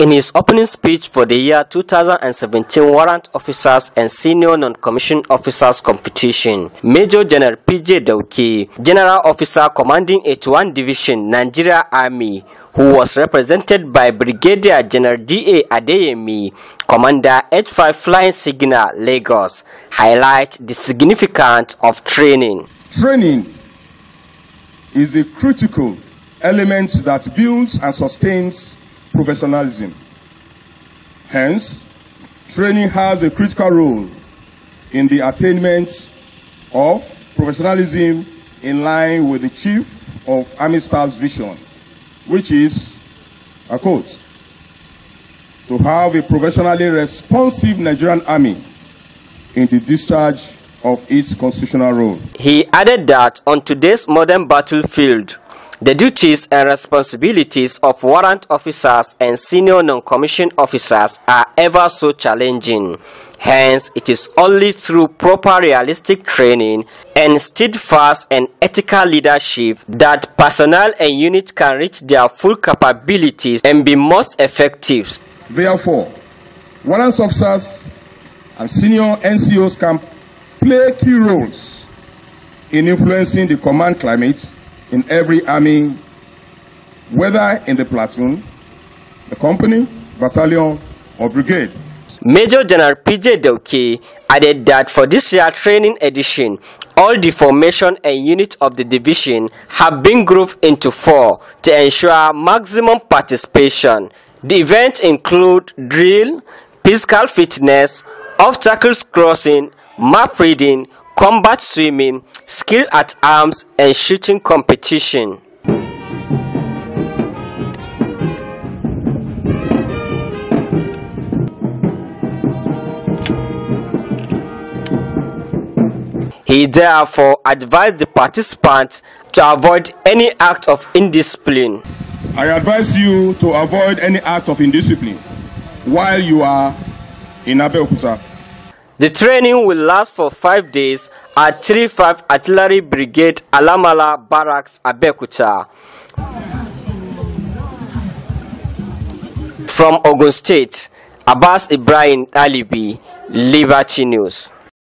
In his opening speech for the year 2017 Warrant Officers and Senior Non-Commissioned Officers Competition, Major General P.J. Dauki, General Officer Commanding 81 Division, Nigeria Army, who was represented by Brigadier General D.A. Adeyemi, Commander H5 Flying Signal, Lagos, highlight the significance of training. Training is a critical element that builds and sustains professionalism. Hence, training has a critical role in the attainment of professionalism in line with the Chief of Army Staff's vision, which is, a quote, to have a professionally responsive Nigerian army in the discharge of its constitutional role. He added that on today's modern battlefield, the duties and responsibilities of warrant officers and senior non-commissioned officers are ever so challenging. Hence, it is only through proper realistic training and steadfast and ethical leadership that personnel and unit can reach their full capabilities and be most effective. Therefore, warrant officers and senior NCOs can play key roles in influencing the command climate in every army, whether in the platoon, the company, battalion, or brigade. Major General PJ Doki added that for this year training edition, all the formation and units of the division have been grouped into four to ensure maximum participation. The event include drill, physical fitness, obstacles crossing, map reading, combat swimming, skill at arms, and shooting competition. He therefore advised the participants to avoid any act of indiscipline. I advise you to avoid any act of indiscipline while you are in Abeokuta. The training will last for five days at 35 Artillery Brigade Alamala Barracks, Abekuta. From Ogun State, Abbas Ibrahim Alibi, Liberty News.